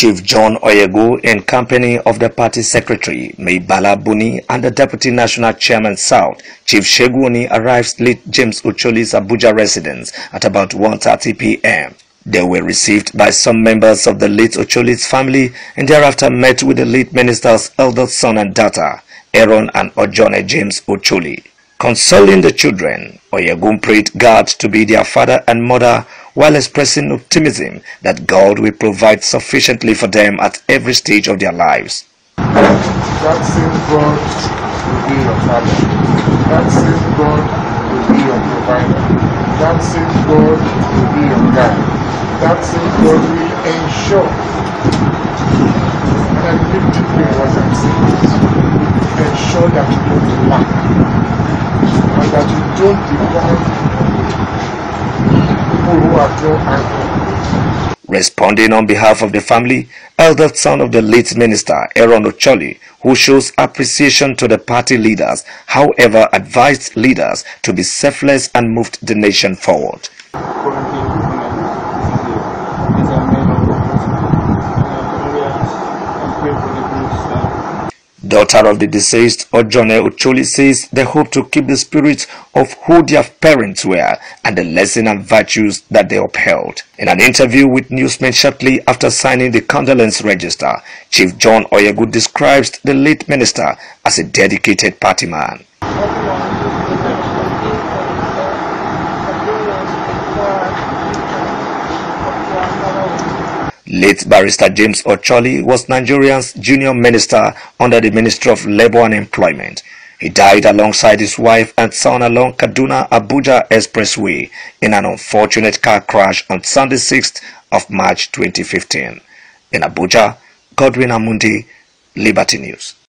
Chief John Oyegu in company of the party secretary Meibala Buni and the deputy national chairman South, Chief Sheguni arrives late James Ucholi's Abuja residence at about 1.30 p.m. They were received by some members of the late Ocholi's family and thereafter met with the late minister's eldest son and daughter, Aaron and Ojone James Ocholi. Consoling the children, Oyegun prayed God to be their father and mother while expressing optimism that God will provide sufficiently for them at every stage of their lives. That same God will be your father. That same God will be your provider. That same God will be your guide. That same God will ensure. And I believe deeply in what I'm saying. Ensure that you don't lack and that you don't depend people who Responding on behalf of the family, eldest son of the late minister, Aaron Ocholi, who shows appreciation to the party leaders, however advised leaders to be selfless and moved the nation forward. Daughter of the deceased Ojone Ucholi says they hope to keep the spirit of who their parents were and the lesson and virtues that they upheld. In an interview with Newsman shortly after signing the condolence register, Chief John Oyegu describes the late minister as a dedicated party man. Late barrister James Ocholi was Nigeria's junior minister under the Ministry of Labor and Employment. He died alongside his wife and son along Kaduna Abuja Expressway in an unfortunate car crash on Sunday 6th of March 2015. In Abuja, Godwin Amundi, Liberty News.